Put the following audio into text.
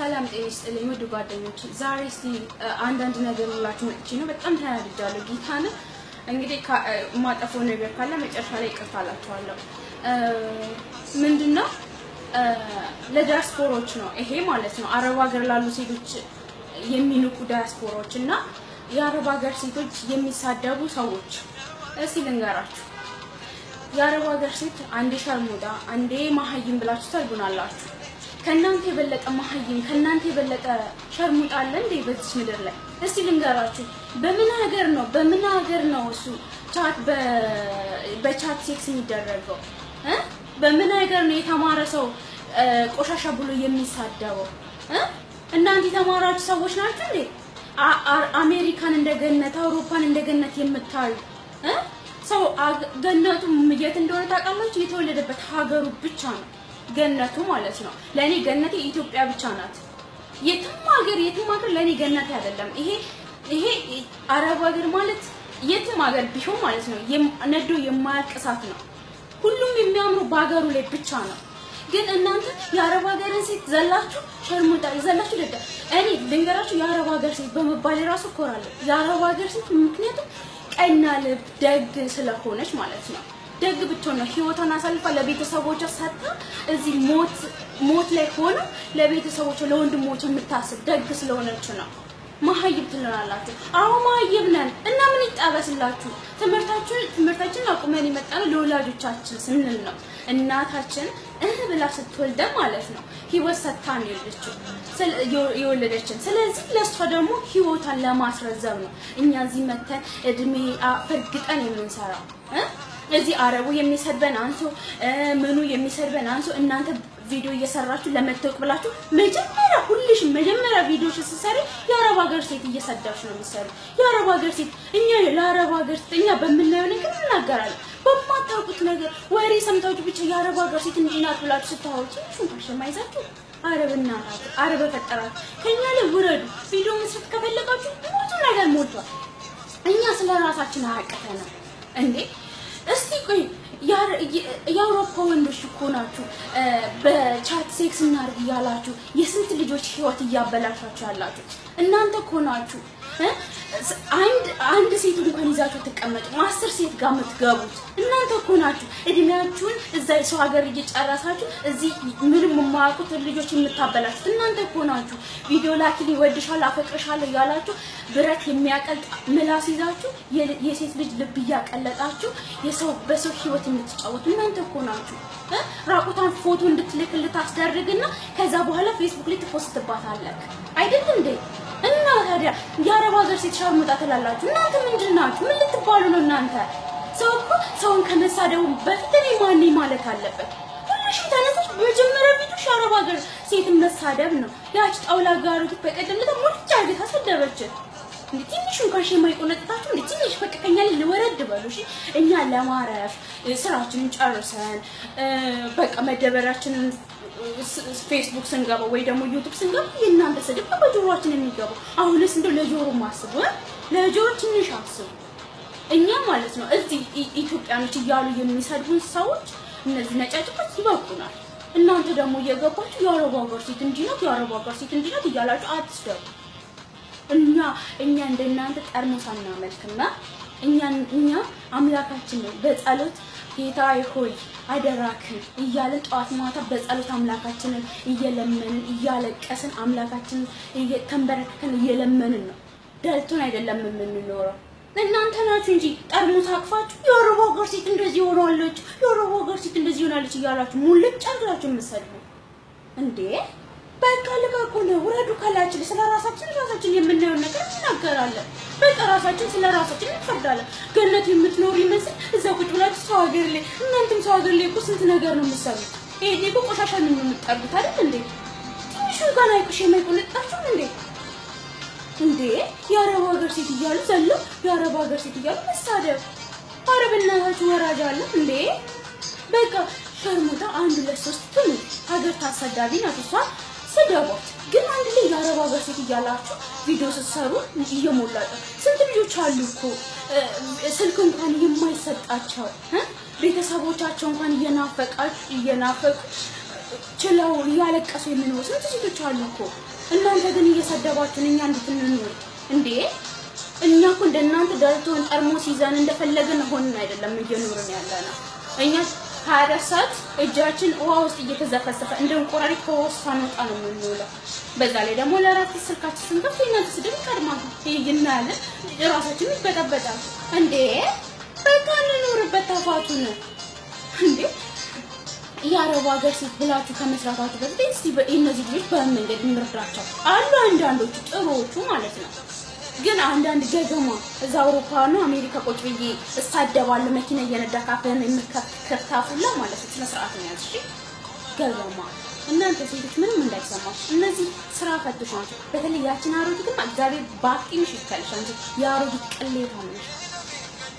ሰላም ጤና ይስጥልኝ ውድ ጓደኞች፣ ዛሬ እስቲ አንዳንድ ነገር ሁላችሁ መጥቼ ነው። በጣም ተናድጃለሁ። ጌታን እንግዲህ ማጠፈው ነገር ካለ መጨረሻ ላይ ይቅርታ እላችኋለሁ። ምንድነው ለዲያስፖሮች ነው ይሄ ማለት ነው። አረብ ሀገር ላሉ ሴቶች የሚንቁ ዲያስፖሮች እና የአረብ ሀገር ሴቶች የሚሳደቡ ሰዎች እስቲ ልንገራችሁ። የአረብ ሀገር ሴት አንዴ ሸርሙጣ አንዴ መሀይም ብላችሁ ተርጉናላችሁ። ከእናንተ የበለጠ መሀይም ከእናንተ የበለጠ ሸርሙጣ አለ እንዴ በዚህ ምድር ላይ? እስቲ ልንገራችሁ። በምን ሀገር ነው በምን ሀገር ነው እሱ ቻት በቻት ሴክስ የሚደረገው? በምን ሀገር ነው የተማረ ሰው ቆሻሻ ብሎ የሚሳደበው? እናንተ የተማራችሁ ሰዎች ናችሁ እንዴ? አሜሪካን እንደገነት አውሮፓን እንደገነት የምታዩ ሰው ገነቱ የት እንደሆነ ታውቃላችሁ? የተወለደበት ሀገሩ ብቻ ነው። ገነቱ ማለት ነው። ለኔ ገነቴ ኢትዮጵያ ብቻ ናት። የትም ሀገር የትም ሀገር ለኔ ገነቴ አይደለም። ይሄ ይሄ አረብ ሀገር ማለት የትም ሀገር ቢሆን ማለት ነው ነዶ የማያልቅ እሳት ነው። ሁሉም የሚያምሩ በሀገሩ ላይ ብቻ ነው። ግን እናንተ የአረብ ሀገርን ሴት ዘላችሁ ሸርሙጣ ዘላችሁ ደደ እኔ ልንገራችሁ የአረብ ሀገር ሴት በመባል ራሱ እኮራለሁ። የአረብ ሀገር ሴት ምክንያቱም ቀና ልብ ደግ ስለሆነች ማለት ነው። ደግ ብትሆን ነው ህይወቷን አሳልፋ ለቤተሰቦቿ ሰጥታ እዚህ ሞት ሞት ላይ ሆና ለቤተሰቦቿ ለወንድሞቿ የምታስብ ደግ ስለሆነች ነው። መሀይብ ትለናላችሁ። አዎ መሀይብ ነን እና ምን ይጣበስላችሁ? ትምህርታችን ትምህርታችን አቁመን የመጣነው ለወላጆቻችን ስንል ነው። እናታችን እህ ብላ ስትወልደ ማለት ነው ህይወት ሰታን የወለደችን። ስለዚህ ለእሷ ደግሞ ህይወቷን ለማስረዘም ነው እኛ እዚህ መተን እድሜ ፈግጠን የምንሰራው። እዚህ አረቡ የሚሰድበን አንሶ ምኑ የሚሰድበን አንሶ እናንተ ቪዲዮ እየሰራችሁ ለመታወቅ ብላችሁ መጀመሪያ ሁልሽ መጀመሪያ ቪዲዮሽ ስትሰሪ የአረብ ሀገር ሴት እየሰዳችሁ ነው የሚሰሩ። የአረብ ሀገር ሴት እኛ ለአረብ ሀገር ሴት እኛ በምናየው ነገር እናገራለን። በማታውቁት ነገር ወሬ ሰምታችሁ ብቻ የአረብ ሀገር ሴት እንዲህ ናት ብላችሁ ስታወቁ ሽንታሽማ ይዛችሁ አረብ እናት አረብ ፈጠራት ከኛ ላይ ውረዱ። ቪዲዮ መስራት ከፈለጋችሁ ብዙ ነገር ሞልቷል። እኛ ስለራሳችን አያቀተናል እንዴ ቆይ የአውሮፓ ወንዶች እኮ ናችሁ በቻት ሴክስ እናድርግ እያላችሁ የስንት ልጆች ህይወት እያበላሻችሁ ያላችሁ እናንተ እኮ ናችሁ። አንድ ሴት እንኳን ይዛችሁ ትቀመጡ አስር ሴት ጋር የምትገቡት እናንተ እኮ ናችሁ። እድሜያችሁን እዛ ሰው ሀገር እየጨረሳችሁ እዚህ ምንም የማያውቁት ልጆች የምታበላችሁት እናንተ እኮ ናችሁ። ቪዲዮ ላኪል ይወድሻል፣ አፈቅርሻለሁ እያላችሁ ብረት የሚያቀልጥ ምላስ ይዛችሁ የሴት ልጅ ልብ እያቀለጣችሁ የሰው በሰው ህይወት የምትጫወቱ እናንተ እኮ ናችሁ። ራቁቷን ፎቶ እንድትልክ ልታስደርግና ከዛ በኋላ ፌስቡክ ላይ ትፖስትባታለህ አይደል እንዴ? እና ታዲያ የአረብ ሀገር ሴት ሻሙጣ ትላላችሁ እናንተ ምንድን ናችሁ? ምን ልትባሉ ነው እናንተ? ሰው እኮ ሰውን ከመሳደቡ በፊት እኔ ማን ማለት አለበት። ሁሉሽም ተነስተሽ መጀመሪያ ቤትሽ የአረብ ሀገር ሴትን መሳደብ ነው። ያች ጣውላ ጋሩት በቀደም ዕለት ሙልጭ አድርጋ ሰደበችን። እንዴ ትንሽ እንኳን ሼማ ይቆነጥጣችሁ እንዴ ትንሽ በቀቀኛ ልወረድ በሉ እሺ። እኛ ለማረፍ ስራችንን ጨርሰን በቃ መደበራችንን ፌስቡክ ስንገባ ወይ ደግሞ ዩቱብ ስንገባ የእናንተ ስድብ በጆሮችን የሚገባው። አሁንስ እንደው ለጆሮ ማስቡ ለጆሮ ትንሽ አስቡ። እኛ ማለት ነው እዚህ ኢትዮጵያኖች እያሉ የሚሰድቡን ሰዎች እነዚህ ነጫጭቆች ይበቁናል። እናንተ ደግሞ እየገባችሁ የአረብ ሀገር ሴት እንዲህ ናት፣ የአረብ ሀገር ሴት እንዲህ እያላችሁ አትስደቡ። እኛ እኛ እንደናንተ ጠርሙስ አናመልክና እኛ አምላካችን ነው። በጸሎት ጌታ ሆይ አደራክን እያለን ጠዋት ማታ በጸሎት አምላካችንን እየለመንን እያለቀስን አምላካችንን ተንበረክከን እየለመንን ነው። ደልቶን አይደለም የምንኖረው። እናንተ ናችሁ እንጂ ጠርሙስ አቅፋችሁ የኦሮሞ ሀገር ሴት እንደዚህ ሆናለች፣ የኦሮሞ ሀገር ሴት እንደዚህ ሆናለች እያላችሁ ሙልጭ አድርጋችሁ የምትሰድቡ እንዴ! በቃ ልቀቁን፣ ውረዱ ከላችን። ስለ ራሳችን ራሳችን የምናየውን ነገር እናገራለን። በቃ ራሳችን ስለ ራሳችን እንፈርዳለን። ገነት የምትኖር ይመስል እዛ ቁጭ ብላችሁ ሰው ሀገር ላይ እናንተም ሰው ሀገር ላይ እኮ ስንት ነገር ነው የምትሰሩት። ይሄ እኮ ቆሻሻ ነው የምትጠርጉት አይደል እንዴ? ትንሹ ጋና ይቁሽ የማይቆንጣችሁም እንዴ? እንዴ የአረብ ሀገር ሴት እያሉ ዘሎ የአረብ ሀገር ሴት እያሉ መሳደብ። ኧረ ወራጅ አለ እንዴ? በቃ ሸርሙጣ አንድ ሁለት ሶስት ትኑ ሀገር ታሰዳቢ ናት እሷ ስደቧት። ግን አንድ ላይ የአረባ በሴት እያላችሁ ቪዲዮ ስትሰሩ እየሞላጠ ስንት ልጆች አሉ እኮ ስልክ እንኳን የማይሰጣቸው ቤተሰቦቻቸው እንኳን እየናፈቃች እየናፈቁ ችለው እያለቀሱ የምንኖር ስንት ሴቶች አሉ እኮ። እናንተ ግን እየሰደባችሁን እኛ እንዴት እንኖር እንዴ? እኛ እኮ እናንተ ደርቶን ጠርሙስ ይዘን እንደፈለግን ሆንን አይደለም እየኖርን ያለ ነው እኛ 24 ሰዓት እጃችን ውሃ ውስጥ እየተዘፈሰፈ እንደ እንቁራሪት ከውሃ ውስጥ ሳንወጣ ነው የምንውለው። በዛ ላይ ደግሞ ለራት ስልካችን ስንከፍት የእናንተ ስድብ ይቀድማል። ይይናለን ራሳችን ይበጠበጣል። እንዴ በቃ እንኖርበት ተፋቱ ነው እንዴ የአረብ ሀገር ሴት ብላችሁ ከመስራታችሁ በፊት እስቲ እነዚህ ልጆች በምን መንገድ እንርዳቸው አሉ። አንዳንዶቹ ጥሩዎቹ ማለት ነው ግን አንዳንድ ገገማ እዛ አውሮፓ ነው አሜሪካ ቁጭ ብዬ እሳደባለሁ። መኪና እየነዳ ካፍህን የምከፍታፉላ ማለት ነው። ስነ ስርዓት ነው ያልሽ ገገማ። እናንተ ሴቶች ምንም እንዳይሰማችሁ እነዚህ ስራ ፈትሽ ናቸው። በተለይ ያችን አሮጊት ግን እግዚአብሔር ባቂምሽ ይከልሽ እንጂ የአሮጊት ቅሌታ ነው።